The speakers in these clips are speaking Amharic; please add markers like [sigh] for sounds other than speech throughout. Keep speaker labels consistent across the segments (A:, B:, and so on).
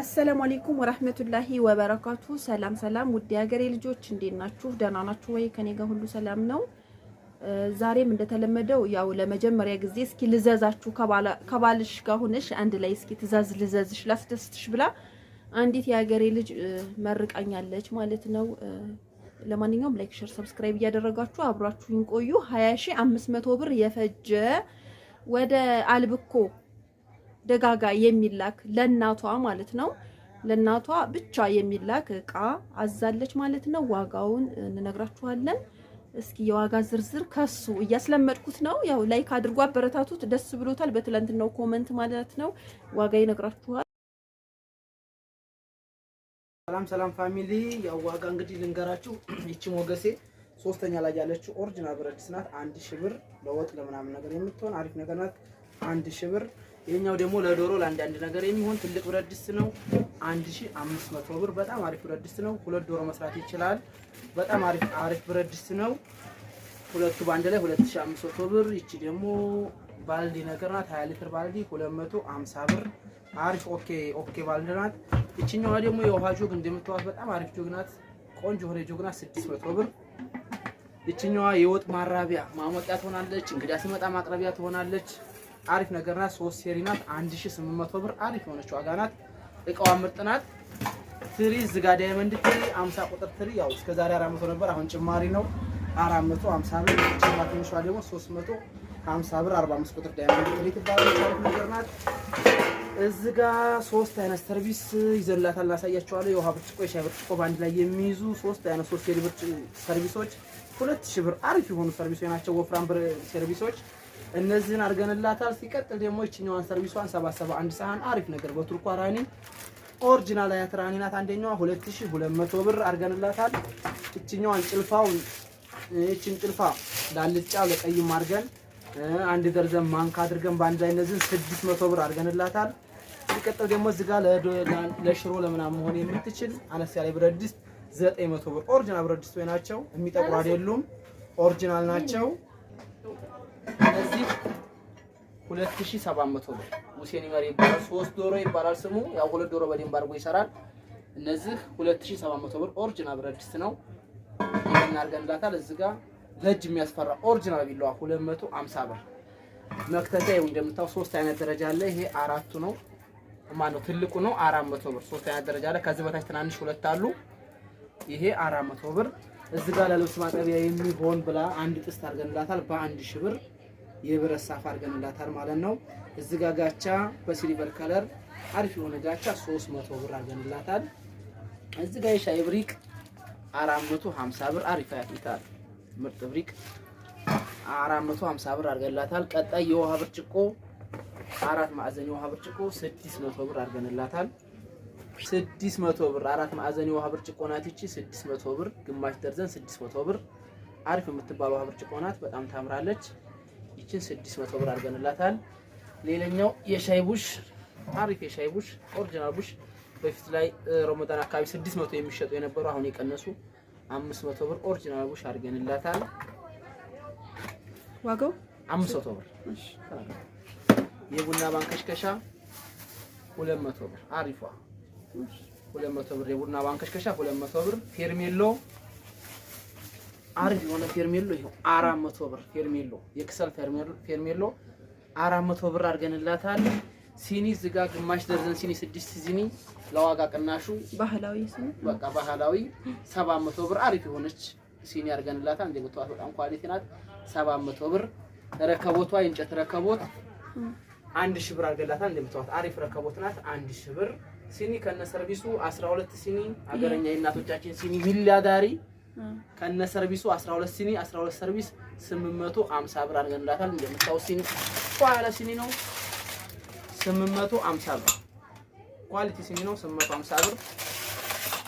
A: አሰላሙ አሌይኩም ወራህመቱላሂ ወበረካቱ። ሰላም ሰላም፣ ውድ የሀገሬ ልጆች እንዴት ናችሁ? ደህና ናችሁ ወይ? ከኔ ጋር ሁሉ ሰላም ነው። ዛሬም እንደተለመደው ያው ለመጀመሪያ ጊዜ እስኪ ልዘዛችሁ ከባልሽ ጋር ሆነሽ አንድ ላይ እስኪ ትእዛዝ ልዘዝሽ ላስደስትሽ ብላ አንዲት የሀገሬ ልጅ መርቃኛለች ማለት ነው። ለማንኛውም ላይክ፣ ሼር፣ ሰብስክራይብ እያደረጋችሁ አብራችሁን ቆዩ። 20500 ብር የፈጀ ወደ አልብኮ ደጋጋ የሚላክ ለእናቷ ማለት ነው ለእናቷ ብቻ የሚላክ እቃ አዛለች ማለት ነው። ዋጋውን እንነግራችኋለን። እስኪ የዋጋ ዝርዝር ከሱ እያስለመድኩት ነው። ያው ላይክ አድርጎ አበረታቱት። ደስ ብሎታል። በትላንትናው ኮመንት ማለት ነው ዋጋ ይነግራችኋል።
B: ሰላም ሰላም ፋሚሊ፣ ያው ዋጋ እንግዲህ ልንገራችሁ። [clears throat] ይቺ ሞገሴ ሶስተኛ ላይ ያለችው ኦሪጂናል ብረት ናት። አንድ ሺህ ብር ለወጥ ለምናምን ነገር የምትሆን አሪፍ ነገር ናት። አንድ ሺህ ብር ይሄኛው ደግሞ ለዶሮ ለአንዳንድ ነገር የሚሆን ትልቅ ብረት ድስት ነው። 1500 ብር። በጣም አሪፍ ብረት ድስት ነው። ሁለት ዶሮ መስራት ይችላል። በጣም አሪፍ አሪፍ ብረት ድስት ነው። ሁለቱ ባንድ ላይ 2500 ብር። ይቺ ደግሞ ባልዲ ነገር ናት። 20 ሊትር ባልዲ 250 ብር። አሪፍ ኦኬ ኦኬ ባልዲ ናት። ይቺኛዋ ደግሞ የውሃ ጆግ እንደምትዋት በጣም አሪፍ ጆግ ናት። ቆንጆ የሆነ ጆግ ናት። 600 ብር። ይቺኛዋ የወጥ ማራቢያ ማሞቂያ ትሆናለች። እንግዳ ሲመጣ ማቅረቢያ ትሆናለች። አሪፍ ነገር ናት። ሶስት ሴሪ ናት። 1800 ብር አሪፍ የሆነች ዋጋ ናት። እቃዋ ምርጥ ናት። ትሪ ዝጋ ዳይመንድ ትሪ 50 ቁጥር ትሪ ያው እስከ ዛሬ 400 ነበር፣ አሁን ጭማሪ ነው 450 ብር። ጭማሪ ትንሿ ደግሞ 350 ብር 45 ቁጥር ዳይመንድ ትሪ ትባላለች። አሪፍ ነገር ናት። እዚህ ጋ ሶስት አይነት ሰርቪስ ይዘላታል። ላሳያችኋለሁ። የውሃ ብርጭቆ፣ የሻይ ብርጭቆ በአንድ ላይ የሚይዙ ሶስት አይነት ሶስት ሴሪ ብርጭ ሰርቪሶች ሁለት ሺህ ብር አሪፍ የሆኑ ሰርቪሶች ናቸው። ወፍራም ብር ሰርቪሶች እነዚህን አድርገንላታል። ሲቀጥል ደግሞ ይችኛዋን ሰርቪሷን 771 ሳህን አሪፍ ነገር በቱርኳ ራኒ ኦሪጂናል አያት ራኒ ናት። አንደኛዋ 2200 ብር አድርገንላታል። ይችኛዋን ጭልፋውን ይችን ጭልፋ ዳልጫ በቀይም አድርገን አንድ ደርዘን ማንካ አድርገን በአንድ ላይ እነዚህን 600 ብር አድርገንላታል። ሲቀጥል ደግሞ እዚህ ጋር ለሽሮ ለምናምን መሆን የምትችል አነስ ያለ ብረት ድስት 900 ብር ኦሪጂናል ብረት ድስት ናቸው። የሚጠቁሩ አይደሉም፣ ኦሪጂናል ናቸው። ሁለት ሺህ ሰባት መቶ ብር ሁሴን ይመር ይባላል። ሶስት ዶሮ ይባላል ስሙ ያው ሁለት ዶሮ በደንብ አድርጎ ይሰራል። እነዚህ ሁለት ሺህ ሰባት መቶ ብር ኦሪጂናል ብረት ድስት ነው። ይሄን አድርገንላታል። እዚህ ጋር ለእጅ የሚያስፈራ ኦሪጂናል ቢለዋ ሁለት መቶ አምሳ ብር መክተፊያ ይኸው እንደምታዩት ሶስት አይነት ደረጃ አለ። ይሄ አራቱ ነው ማነው ትልቁ ነው አራት መቶ ብር ሶስት አይነት ደረጃ አለ። ከዚህ በታች ትናንሽ ሁለት አሉ። ይሄ አራት መቶ ብር እዚህ ጋር ለልብስ ማጠቢያ የሚሆን ብላ አንድ ጥስት አድርገንላታል በአንድ ሺህ ብር የብረት ሳፍ አድርገንላታል ማለት ነው። እዚህ ጋ ጋቻ በሲልቨር ከለር አሪፍ የሆነ ጋቻ 300 ብር አድርገንላታል። እዚህ ጋ የሻይ ብሪክ 450 ብር አሪፍ ያፊታል ምርጥ ብሪክ 450 ብር አድርገንላታል። ቀጣይ የውሃ ብርጭቆ አራት ማዕዘን የውሃ ብርጭቆ 600 ብር አድርገንላታል። 600 ብር አራት ማዕዘን የውሃ ብርጭቆ ናት። እቺ 600 ብር ግማሽ ደርዘን 600 ብር አሪፍ የምትባል ውሃ ብርጭቆ ናት። በጣም ታምራለች። እችን 600 ብር አድርገንላታል። ሌላኛው የሻይ ቡሽ አሪፍ የሻይ ቡሽ ኦሪጂናል ቡሽ በፊት ላይ ረመዳን አካባቢ 600 የሚሸጡ የነበሩ አሁን የቀነሱ 500 ብር ኦሪጂናል ቡሽ አድርገንላታል። ዋጋው 500 ብር። የቡና ማንከሽከሻ 200 ብር አሪፏ 200 ብር የቡና ማንከሽከሻ 200 ብር ፌርሜሎ አሪፍ የሆነ ፌርሜሎ ይኸው አራት መቶ ብር ፌርሜሎ የክሰል ፌርሜሎ አራት መቶ ብር አድርገንላታል። ሲኒ ዝጋ ግማሽ ደርዘን ሲኒ ስድስት ሲኒ ለዋጋ ቅናሹ
A: ባህላዊ ሲኒ
B: በቃ ባህላዊ 700 ብር አሪፍ የሆነች ሲኒ አድርገንላታል። እንደ ብትዋት በጣም ኳሊቲ ናት። 700 ብር ረከቦቷ የእንጨት ረከቦት አንድ ሺህ ብር አድርገንላታል። እንደ ብትዋት አሪፍ ረከቦት ናት። አንድ ሺህ ብር ሲኒ ከነ ሰርቪሱ 12 ሲኒ አገረኛ የእናቶቻችን ሲኒ ጋሪ ከነ ሰርቪሱ 12 ሲኒ 12 ሰርቪስ 850 ብር አድርገንላታል። እንደምታው ሲኒ ኳላ ሲኒ ነው 850 ብር ኳሊቲ ሲኒ ነው 850 ብር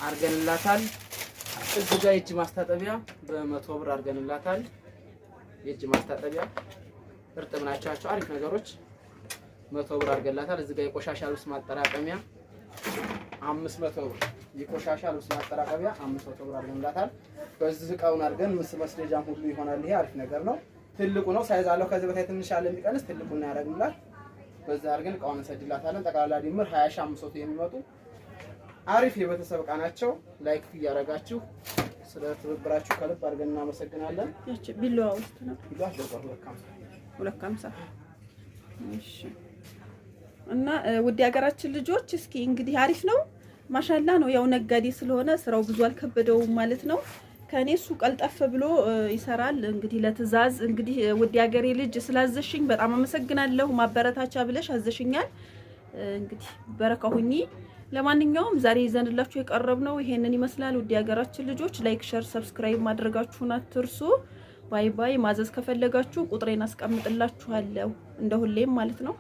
B: አድርገንላታል። እዚህ ጋር የእጅ ማስታጠቢያ በመቶ ብር አድርገንላታል። የእጅ ማስታጠቢያ እርጥብ ናቸው አሪፍ ነገሮች መቶ ብር አድርገንላታል። እዚህ ጋር የቆሻሻ ልብስ ማጠራቀሚያ አምስት መቶ ብር የቆሻሻ ልብስ ማጠራቀቢያ አምስት መቶ ብር አድርገን በዚህ እቃውን አድርገን ምስ መስደጃም ሁሉ ይሆናል። ይሄ አሪፍ ነገር ነው። ትልቁ ነው ሳይዝ አለው። ከዚህ በታይ ትንሽ አለ የሚቀንስ ትልቁን አድርገን እቃውን እንሰድላታለን። ጠቅላላ ድምር ሀያ ሺህ አምስት መቶ የሚመጡ አሪፍ የቤተሰብ እቃ ናቸው። ላይክ እያደረጋችሁ ስለ ትብብራችሁ ከልብ አድርገን እናመሰግናለን።
A: ቢላዋ ውስጥ ነው ሁለት እና ውድ የሀገራችን ልጆች እስኪ እንግዲህ አሪፍ ነው። ማሻላ ነው። ያው ነጋዴ ስለሆነ ስራው ብዙ አልከበደውም ማለት ነው። ከእኔ እሱ ቀልጠፍ ብሎ ይሰራል። እንግዲህ ለትዕዛዝ እንግዲህ ውድ ሀገሬ ልጅ ስላዘሽኝ በጣም አመሰግናለሁ። ማበረታቻ ብለሽ አዘሽኛል። እንግዲህ በረካ ሁኚ። ለማንኛውም ዛሬ ይዘንላችሁ ነው ይሄንን ይመስላል። ውድ ሀገራችን ልጆች ላይክ፣ ሸር፣ ሰብስክራይብ ማድረጋችሁን አትርሱ። ባይ ባይ። ማዘዝ ከፈለጋችሁ ቁጥሬን አስቀምጥላችኋለሁ እንደ ሁሌም ማለት ነው።